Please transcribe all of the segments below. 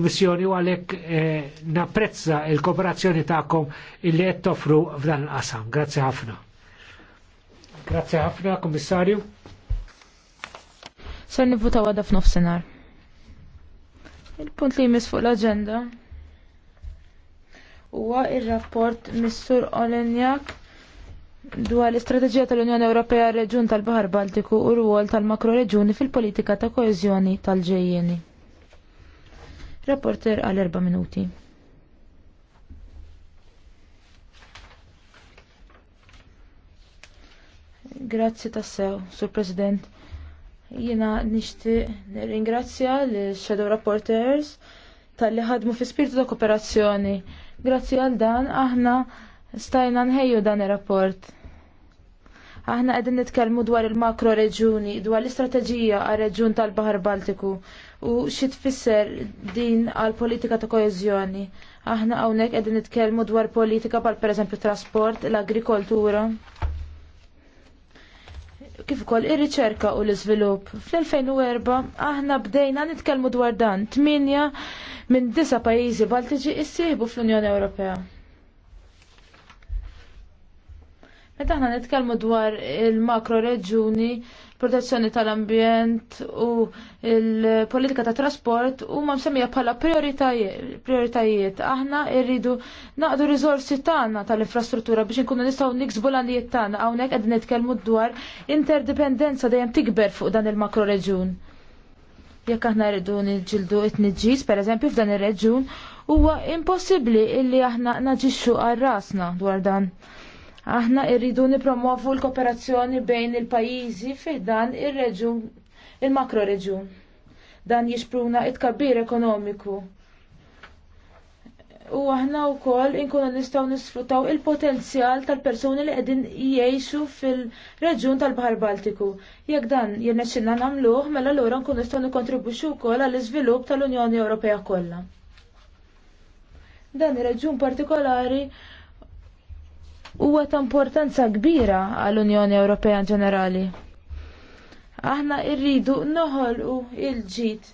kummissjoni u għalek eh, napprezza il-kooperazzjoni ta'kom illi qed toffru f'dan il-qasam. Grazzi ħafna. Grazzi ħafna, kummissarju. Ser nivvutaw għada f'nofsinhar. Il-punt li jmiss fuq l-aġenda huwa ir-rapport Missur Olenjak dwar l-istrateġija tal-Unjoni Ewropea reġjun tal-Baħar Baltiku u rwol tal-makroreġjuni fil-politika ta' koeżjoni tal-ġejjeni. Rapporter għal erba' minuti. Grazzi tassew, Sur President. Jina nishti ringrazzja li Shadow Reporters tal-li ħadmu fi spiritu ta' kooperazzjoni. Grazzi għal dan, aħna stajna nħejju dan ir-rapport. Aħna qegħdin nitkellmu dwar il-makro reġuni, dwar l-istrateġija għar reġun tal-Baħar Baltiku u xi tfisser din għal politika ta' koeżjoni. Aħna hawnhekk qegħdin nitkellmu dwar politika per pereżempju trasport, l-agrikoltura. Kif ukoll ir-riċerka u l-iżvilupp. Fl-2004 aħna bdejna nitkellmu dwar dan. Tminja minn disa pajjiżi Baltiċi issieħbu fl-Unjoni Ewropea. Meta aħna nitkellmu dwar il-makro reġuni, protezzjoni tal-ambjent u il-politika ta' trasport u ma' msemmija bħala prioritajiet. Aħna irridu naqdu rizorsi tagħna tal-infrastruttura biex inkunu nistgħu niksbu l-għanijiet tagħna hawnhekk qed nitkellmu dwar interdipendenza dejjem tikber fuq dan il-makro reġun. Jekk aħna rridu niġildu it-tniġġis, pereżempju f'dan ir-reġun, huwa impossibbli illi aħna naġixxu għar rasna dwar dan. Aħna irridu nipromovu l-kooperazzjoni bejn il-pajjiżi fih dan ir-reġun il-makro reġun. Dan jixpruna it-kabbir ekonomiku. U aħna wkoll inkunu nistgħu nisfrutaw il-potenzjal tal-persuni li qegħdin jgħixu fil-reġjun tal-Baħar Baltiku. Jekk dan jirnexxinna nagħmluh, mela lura nkunu nistgħu nikkontribwixxu wkoll għall-iżvilupp tal-Unjoni Ewropea kollha. Dan ir-reġjun partikolari huwa ta' importanza kbira għall-Unjoni Ewropea ġenerali. Aħna rridu noħolqu il-ġid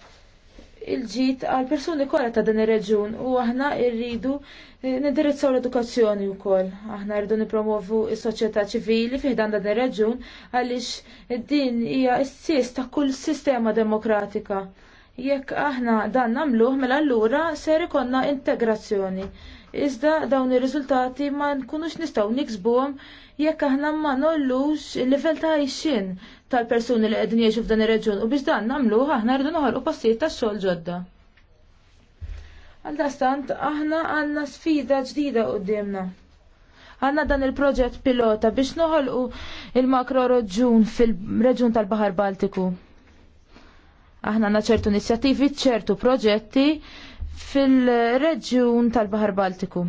il-ġid għal persuni kollha ta' din ir-reġun u aħna rridu eh, nindirizzaw l-edukazzjoni wkoll. Aħna rridu nippromovu s-soċjetà ċivili fih dan dan ir-reġun għaliex din hija s-sis ta' kull sistema demokratika jekk aħna dan nagħmluh mela allura ser ikonna integrazzjoni iżda dawn ir-riżultati ma nkunux nistgħu niksbuhom jekk aħna ma nollux il-livell ta' għajxin tal-persuni li qegħdin jgħixu f'dan ir-reġjun u biex dan nagħmluh aħna rridu noħolqu postijiet tax-xogħol ġodda. dastant aħna għandna sfida ġdida quddiemna. Għanna dan il-proġett pilota biex noħolqu il-makro reġjun fil-reġjun tal-Baħar Baltiku aħna għanna ċertu inizjattivi, ċertu proġetti fil-reġjun tal baħar Baltiku.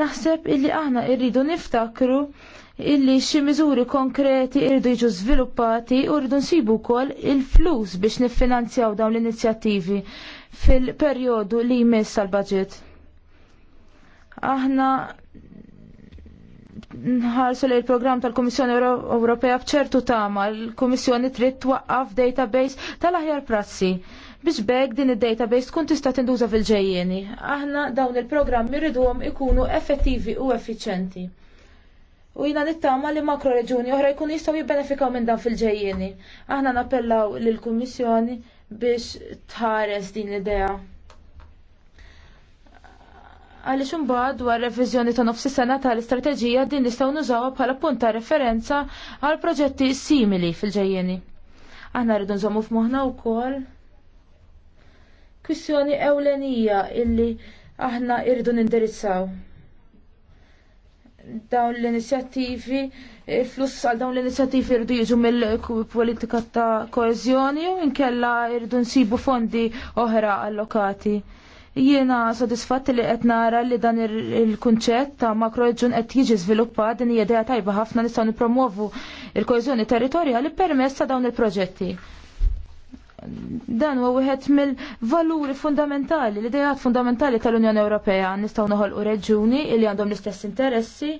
Naħseb illi aħna irridu niftakru illi xi miżuri konkreti irridu jiġu żviluppati u rridu nsibu wkoll il-flus biex niffinanzjaw dawn l-inizjattivi fil-perjodu li jmiss tal-budget. Aħna nħarsu li l-program tal-Komissjoni Ewropea bċertu tama, l-Komissjoni trid twaqqaf database tal-aħjar prassi biex bek din id-database tkun tista' tinduża fil-ġejjeni. Aħna dawn il-programmi rridhom ikunu effettivi u effiċenti. U jina nittama li makro reġuni oħra jkun jistgħu jibbenefikaw minn dan fil-ġejjeni. Aħna nappellaw lill-Kummissjoni biex tħares din l-idea għaliex mbagħad dwar reviżjoni ta' nofsi sena tal-istrateġija din nistgħu nużawha bħala punt ta' referenza għal proġetti simili fil-ġejjeni. Aħna rridu nżommu f'moħħna wkoll kwissjoni ewlenija illi aħna irridu nindirizzaw dawn l-inizjattivi, fluss għal dawn l-inizjattivi irridu jiġu mill-politika ta' koezjoni u inkella irridu nsibu fondi oħra allokati. Jiena sodisfatti li qed nara li dan il-kunċett ta' makroġun qed jiġi żviluppat din hija idea tajba ħafna nistgħu nippromovu il-kohezjoni territorjali permezz ta' dawn il-proġetti. Dan huwa wieħed mill-valuri fundamentali, l-idejat fundamentali tal-Unjoni Ewropea nistgħu noħolqu reġuni li għandhom l-istess interessi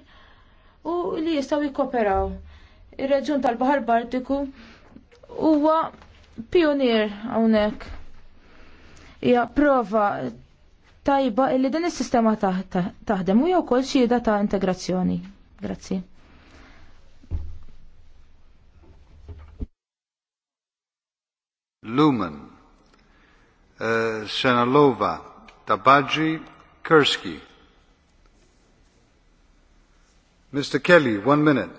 u li jistgħu jikkoperaw. Ir-reġun tal-Baħar Baltiku huwa pionier hawnhekk Ja, prova tajba illi din is-sistema taħdem u jew ukoll xhieda ta' integrazzjoni. Grazzi. Lumen, eh, Senalova, Tabaji, Kurski. Mr. Kelly, one minute.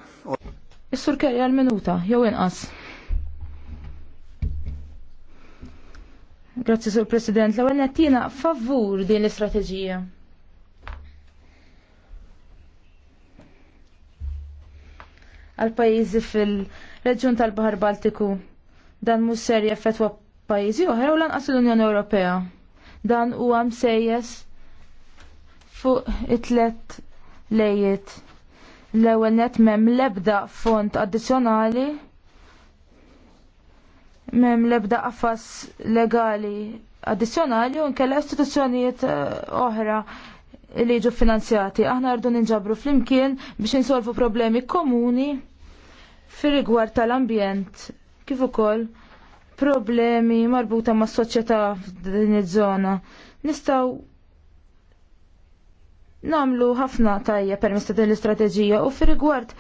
Mr. Kelly għal-minuta, jew inqas. Grazzi, Sur President. La ewwel favur din l-istrateġija. għal pajjiżi fil-reġjun tal-Baħar Baltiku. Dan mhux ser fetwa pajjiżi oħra u lanqas l-Unjoni Ewropea. Dan huwa msejjes fuq it-tlet lejjiet. L-ewwel net m'hemm l-ebda font addizzjonali mem lebda qafas legali addizzjonali u nkella istituzzjonijiet eh, oħra li jiġu finanzjati. Aħna rdu ninġabru flimkien biex insolvu problemi komuni fir rigward tal-ambjent kif ukoll problemi marbuta ma' soċjetà f'din iż-żona. Nistgħu namlu ħafna tajja permezz ta' din l-istrateġija u fir rigward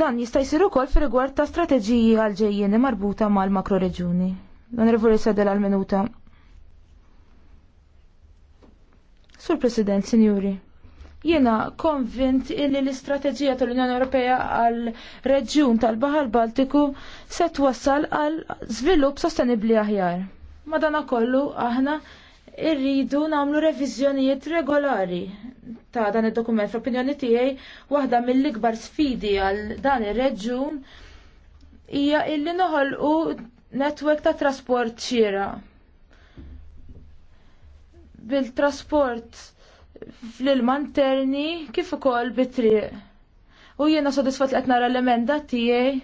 dan jista' jsir ukoll fir-rigward ta' strateġiji għal-ġejjieni marbuta mal makroreġjuni L-Onorevoli Sedel għal-minuta. Sur President, Sinjuri, jiena konvint illi l-istrateġija tal-Unjoni Ewropea għal-reġjun tal-Baħar Baltiku se twassal għal żvilupp sostenibbli aħjar. Madana kollu aħna irridu nagħmlu reviżjonijiet regolari ta' dan id-dokument fl-opinjoni tiegħi waħda mill-ikbar sfidi għal dan ir-reġjun hija illi noħolqu netwerk ta' trasport ċira. Bil-trasport fl-ilmanterni kif ukoll bit-triq. U jiena sodisfat li qed nara l-emenda tiegħi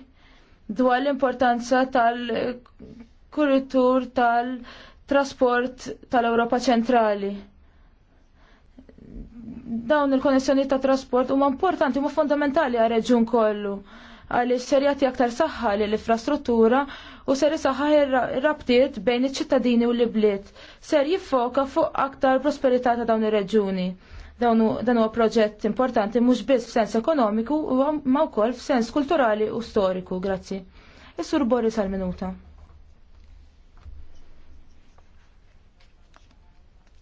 dwar l-importanza tal-kuritur tal-trasport trasport tal-Ewropa ċentrali. Dawn il-konnessjoni ta' trasport huma importanti, huma fondamentali għal reġjun kollu għaliex ser jagħti aktar saħħa lill infrastruttura u ser isaħħa ir-rabtiet bejn iċ-ċittadini u l-ibliet. Ser jiffoka fuq aktar prosperità ta' dawn ir-reġjuni. Dawn dan huwa proġett importanti mhux biss f'sens ekonomiku u ma wkoll f'sens kulturali u storiku. Grazzi. Is-Sur Boris għal-minuta.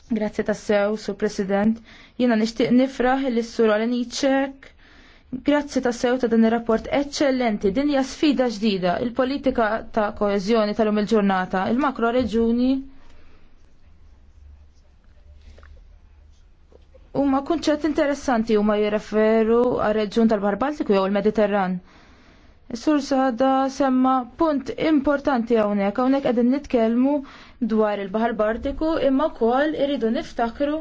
Grazzi tassew, Sur President. Jiena nixtieq nifraħ li s-sur għal Grazzi tassew ta' dan ir rapport eċċellenti. Din hija sfida ġdida, il-politika ta' koezjoni tal-lum il-ġurnata, il-makro reġuni. Huma kunċett interessanti huma jirreferu għar reġjun tal-Barbaltiku jew il-Mediterran. Sur Sada semma punt importanti hawnhekk, hawnhekk qegħdin nitkellmu dwar il-Baħar Bartiku imma wkoll iridu niftakru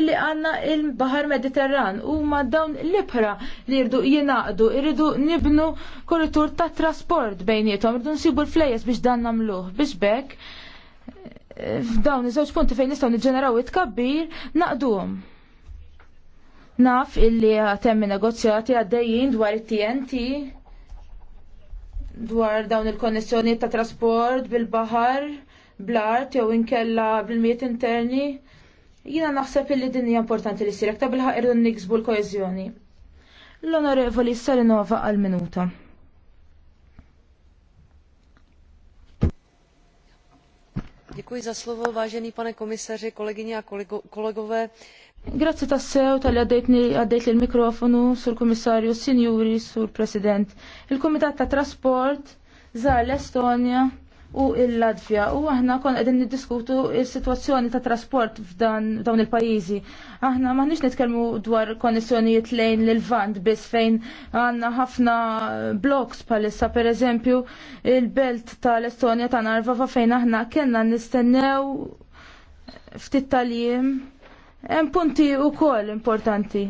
illi għanna il-Baħar Mediterran huma dawn l-ibħra li jirdu jinaqdu, irridu nibnu korritur ta' trasport bejnietom, irridu nsibu l-flejes biex dan namluħ, biex bekk f'dawn iż-żewġ punti fejn nistgħu niġġeneraw it-kabbir naqduhom. Naf illi temmi negozjati għaddejjin dwar it-TNT dwar dawn il-konnessjoni ta' trasport bil-bahar, bl-art jew inkella bil-miet interni. Jina naħseb illi din hija importanti li sirek ta' bil-ħaq niksbu l-koeżjoni. L-Onorevoli Sarinova għal-minuta. Grazie tassew tal-li għaddejt l-mikrofonu sur komissarju, sinjuri, sur president. Il-Komitat ta' Trasport za l-Estonja u il-Latvja u aħna kon qegħdin niddiskutu s-sitwazzjoni ta' trasport f'dan dawn il-pajjiżi. Aħna m'aħniex nitkellmu dwar konnessjonijiet lejn l-Vant biss fejn għandna ħafna bloks bħalissa pereżempju il-belt tal-Estonja ta' Narva fejn aħna kellna nistennew ftit tal Hemm punti wkoll importanti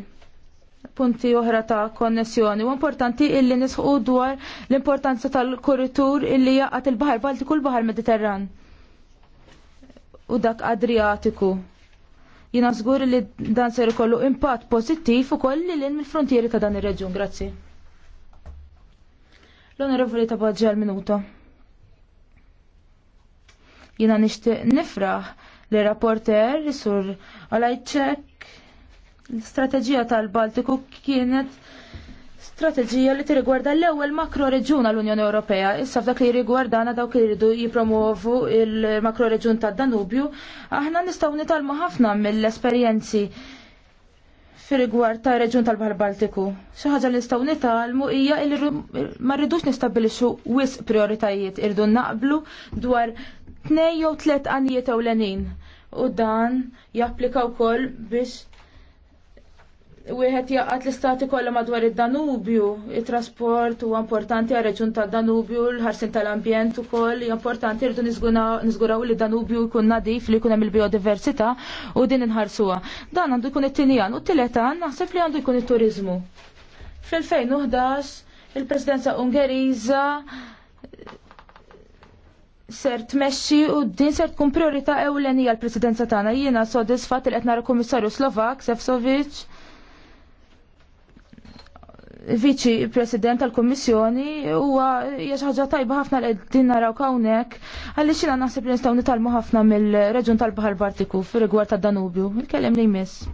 punti oħra ta' konnessjoni. U importanti illi nisħu dwar l-importanza tal-korritur illi jaqat il-Bahar Baltiku l-Bahar Mediterran. U dak Adriatiku. Jina zgur li dan ser kollu impatt pożittiv ukoll li lin frontieri ta' dan ir reġun Grazzi. L-Onorevoli ta' Baġġel minuta. Jina nixtieq nifraħ li rapporter, sur għalajċek, L-istrateġija tal-Baltiku kienet strateġija li tirigwarda l-ewwel makro reġjun għall-Unjoni Ewropea. Issa f'dak li jirrigwardana dawk li jridu jipromuovu il-makro reġjun tad-Danubju, aħna nistgħu nitalmu ħafna mill-esperjenzi fir-rigward ta' reġjun tal-Baħar Baltiku. Xi ħaġa li nistgħu nitalmu hija li ma rridux nistabbilixxu wisq prioritajiet irdu naqblu dwar tnej jew tliet għanijiet ewlenin. U dan japplika wkoll biex wieħed jaqat l-istati kollha madwar id-Danubju, it-trasport huwa importanti għal reġun tad-Danubju, l-ħarsin tal-ambjent ukoll hija importanti rridu niżguraw li Danubju jkun nadif li jkun hemm il-biodiversità u din inħarsuha. Dan għandu jkun it-tinjan u t-tiletan naħseb li għandu jkun it-turizmu. Fil-2011 il-Presidenza Ungeriza ser tmexxi u din ser tkun priorità ewlenija l-presidenza tagħna. Jiena sodisfatt il qed nara Kummissarju Slovak Sefcovic viċi president tal-Kommissjoni huwa hija xi ħaġa tajba ħafna li qegħdin naraw hawnhekk għaliex jiena naħseb li nistgħu nitalmu ħafna mill reġun tal-Baħar Baltiku fir-rigward tad-Danubju. Il-kellem li jmiss.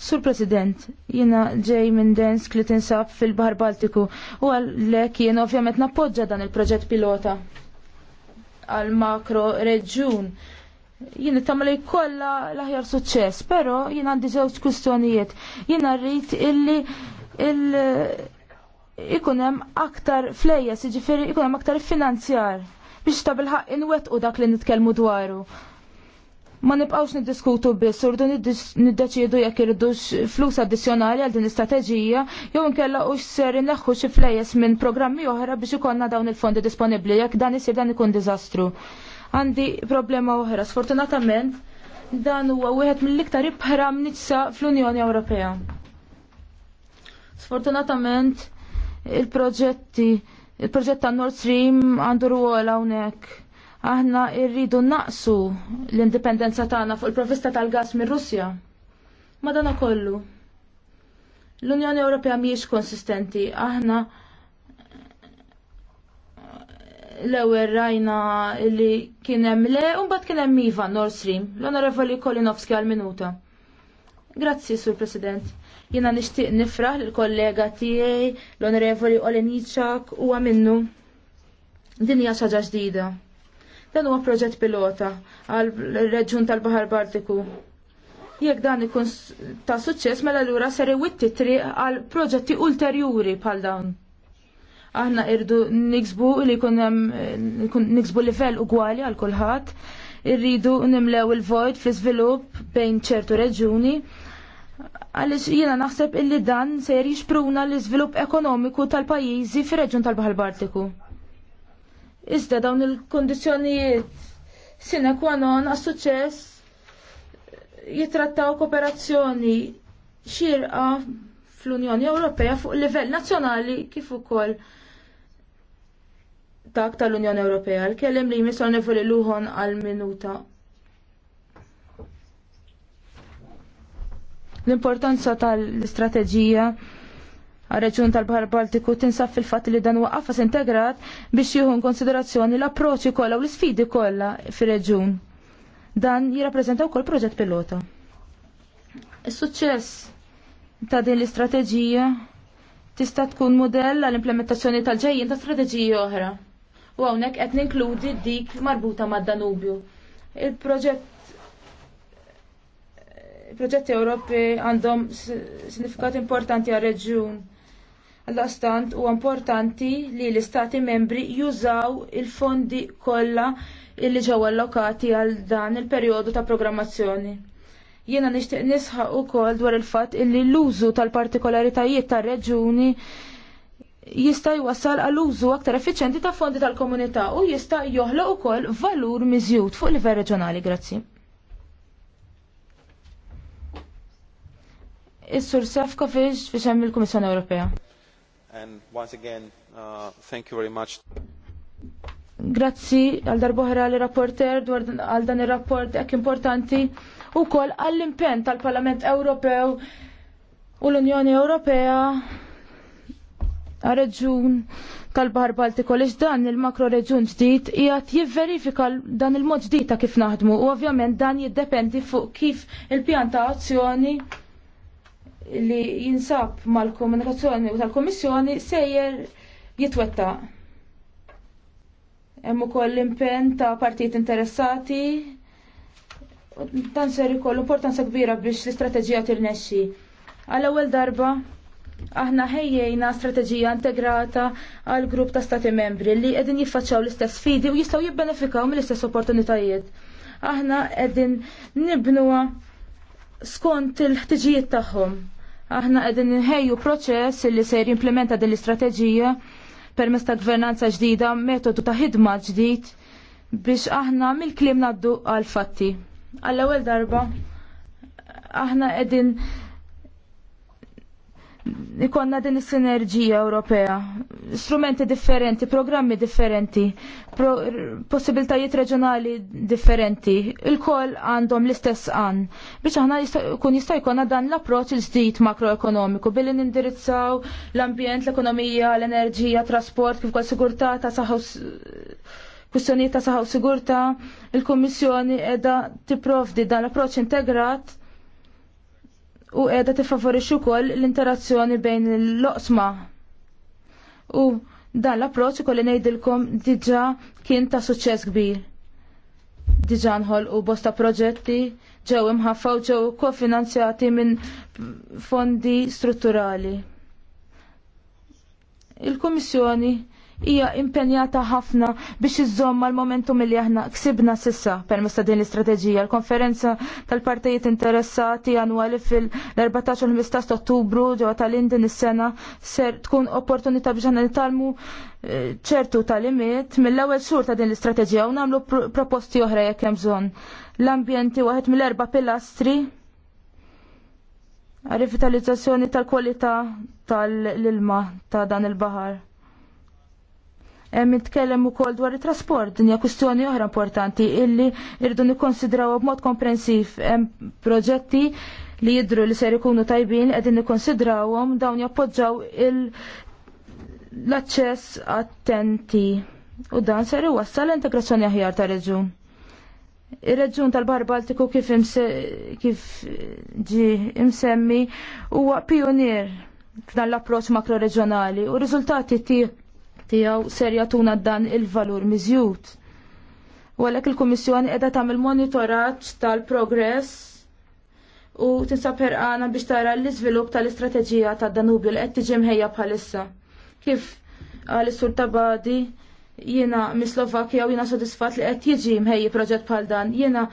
Sur President, jiena ġej minn Densk li tinsab fil-Baħar Baltiku u għalhekk jien ovvjament nappoġġa dan il-proġett pilota għal makro reġjun. Jien tamma li kolla l-aħjar suċċess, pero jien għandi żewġ kwistjonijiet Jien rrit illi il- hemm aktar fleja, siġifiri ikun hemm aktar finanzjar biex ta' bilħaq inwettqu dak li nitkellmu dwaru. Ma nibqgħux niddiskutu biss, urdu niddeċiedu jekk irridux flus addizzjonali għal din l-istrateġija jew inkella u ser ineħħu xi flejjes minn programmi oħra biex ikonna dawn il-fondi disponibbli jekk dan isir dan ikun diżastru. Għandi problema oħra, sfortunatament dan huwa wieħed mill-iktar ibħram nitsa fl-Unjoni Ewropea. Sfortunatament il-proġetti il-proġett ta' Nord Stream għandu ruol hawnhekk. Aħna rridu naqsu l-indipendenza tagħna fuq il-provista tal-gas mir-Russja. Madana kollu. L-Unjoni Ewropea mhijiex konsistenti. Aħna l-ewwel rajna li kien hemm le u mbagħad kien hemm Iva Nord Stream. L-Onorevoli Kolinowski għal minuta. Grazzi, Sur President jina nishtiq nifraħ l-kollega tijaj, l-onorevoli Olenichak, u għaminnu dinja xaġa ġdida. Dan huwa proġett pilota għal reġjun tal-Bahar Baltiku. Jekk dan ikun ta' suċċess mela lura seri witti tri għal proġetti ulterjuri bħal dawn. Aħna irdu niksbu li jkun eh, niksbu livell ugwali għal kulħadd, irridu nimlew il-vojt fl żvilupp bejn ċertu reġuni għalix jiena naħseb illi dan ser jixpruna l-iżvilupp ekonomiku tal-pajjiżi fir-reġjun tal-Baħar Baltiku. Iżda dawn il-kondizzjonijiet sine qua non għas-suċċess jitrattaw kooperazzjoni xirqa fl-Unjoni Ewropea fuq livell nazzjonali kif ukoll tak tal-Unjoni Ewropea. L-kellim li nevoli l luħon għal-minuta. L-importanza tal-istrateġija għal-reġjun tal-Bahar Baltiku tinsab fil fat li dan huwa qafas integrat biex jieħu konsiderazzjoni l-approċċi kollha u l-isfidi kollha fir-reġjun. Dan jirrappreżenta wkoll proġett pilota. Is-suċċess ta' din l-istrateġija tista' tkun modell għall-implementazzjoni tal-ġejjin ta' strateġija oħra. U hawnhekk qed ninkludi dik marbuta mad-Danubju. Il-proġett il-proġetti Ewropi għandhom sinifikat importanti għal reġjun Għall-astant huwa importanti li l-istati membri jużaw il-fondi kollha illi ġew allokati għal dan il-perjodu ta' programmazzjoni. Jiena nixtieq nisħaq ukoll dwar il-fatt illi l-użu tal-partikolaritajiet tar-reġuni jista' jwassal għal użu aktar effiċjenti ta' fondi tal-komunità u jista' joħloq ukoll valur miżjud fuq livell reġjonali. Grazzi. Is-Sur Sefkovic fi xem il-Kummissjoni Ewropea. And once again, uh, thank you very much. Grazzi għal darbohra li rapporter dwar għal dan il rapport ek importanti u kol għall-impen tal-Parlament Ewropew u l-Unjoni Ewropea għal-reġun tal-Bahar Baltiku li dan il-makro reġun ġdid jgħat jivverifika dan il-mod ġdid ta' kif naħdmu u ovvjament dan jiddependi fuq kif il pjanta azzjoni li jinsab mal-komunikazzjoni u tal-Komissjoni sejjer jitwetta. Hemm ukoll l-impenn ta' partijiet interessati dan ser ikollu importanza kbira biex l-istrateġija tirnexxi. Għal ewwel darba aħna ħejjejna strateġija integrata għal grupp ta' stati membri li qegħdin jiffaċċaw l-istess sfidi u jistgħu jibbenefikaw mill-istess opportunitajiet. Aħna qegħdin nibnuha skont il-ħtiġijiet tagħhom. Aħna qegħdin inħejju proċess li se jimplementa din l-istrateġija permezz ta' gvernanza ġdida, metodu ta' ħidma ġdid biex aħna mill-kliem naddu għal fatti. Għall-ewwel darba aħna qegħdin ikonna din is-sinerġija Ewropea, strumenti differenti, programmi differenti, pro, possibiltajiet reġjonali differenti, il-koll għandhom l-istess għan. Biex aħna kun jista' jkollna dan l-approċċ il-ġdid makroekonomiku billi nindirizzaw l-ambjent, l-ekonomija, l-enerġija, trasport, kif ukoll sigurtà ta' kwistjonijiet ta' saħaw sigurtà, il-Kummissjoni qiegħda tipprovdi dan l-approċċ integrat u qiegħda tiffavorixxi wkoll l-interazzjoni bejn l-oqsma. U dan l-approċċ ukoll ngħidilkom diġà kien ta' suċċess kbir. Diġà nħolqu bosta proġetti ġew imħaffa u ġew kofinanzjati minn fondi strutturali. Il-Kummissjoni hija impenjata ħafna biex iżomma l momentum li aħna ksibna sissa permezz ta' din l-istrateġija. L-konferenza tal-partijiet interessati annwali fil-14 u 15 Ottubru ġewwa tal-Indin is-sena ser tkun opportunità biex nitalmu eh, ċertu tal-imiet mill-ewwel xhur ta' din l-istrateġija u nagħmlu proposti oħra jekk hemm bżonn. L-ambjenti waħed mill-erba' pilastri rivitalizzazzjoni tal-kwalità tal-ilma ta' dan il-baħar nitkellem ukoll dwar it-trasport, dinja kwistjoni oħra importanti illi irdu nikkonsidraw b'mod komprensiv hemm proġetti li jidru li ser ikunu tajbin qegħdin nikkonsidrawhom dawn jappoġġaw il l-aċċess attenti u dan ser iwassal l-integrazzjoni aħjar ta' reġun. Ir-reġun tal-Bar Baltiku kif, imse, kif ġi imsemmi huwa pionier f'dan l-approċċ makroreġjonali u r-riżultati tiegħu tiegħu ser jagħtuna dan il-valur miżjud. U għalhekk il-Kummissjoni qiegħda tagħmel monitorat tal-progress u tinsab għana biex tara l-iżvilupp tal-istrateġija tad-Danubju l qed tiġi mħejja bħalissa. Kif għal sur tabadi jiena mis-Slovakkja u jiena sodisfat li qed jiġi mħejji proġett bħal dan. Jiena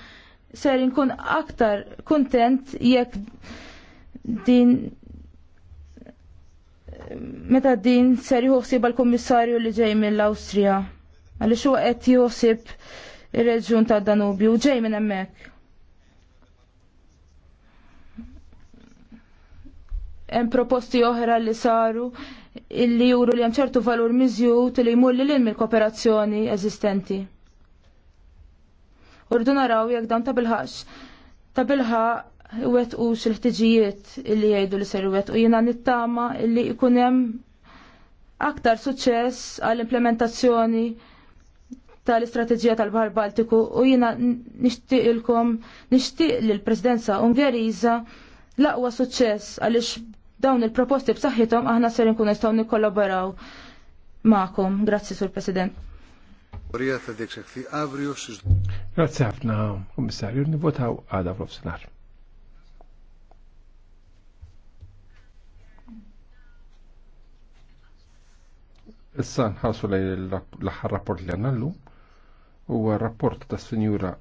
ser nkun aktar kontent jekk din meta din ser jħuħsib għal-Kummissarju li ġej mill-Awstrija. Għaliex huwa qed joħsib ir-reġjun ta' Danubju ġej minn hemmhekk. Hemm proposti oħra li saru illi juru li hemm ċertu valur miżjud li jmur lil mill-kooperazzjoni eżistenti. Urdu naraw jekk dan ta' bilħax ta' bilħax wet u xil-ħtiġijiet illi jgħidu li ser wet u jina nittama illi ikunem aktar suċċess għall-implementazzjoni tal-istrateġija tal-Bahar Baltiku u jina nishtiq ilkom, nishtiq li l-Presidenza Ungeriża laqwa suċċess għaliex dawn il-proposti b'saħħithom aħna ser nkun nistgħu nikkollaboraw magħkom. Grazzi Sur President. Grazie ħafna, Kummissarju, nivotaw għada fl Issa nħarsu l ħar rapport li għanna l-lum u rapport ta' Sinjura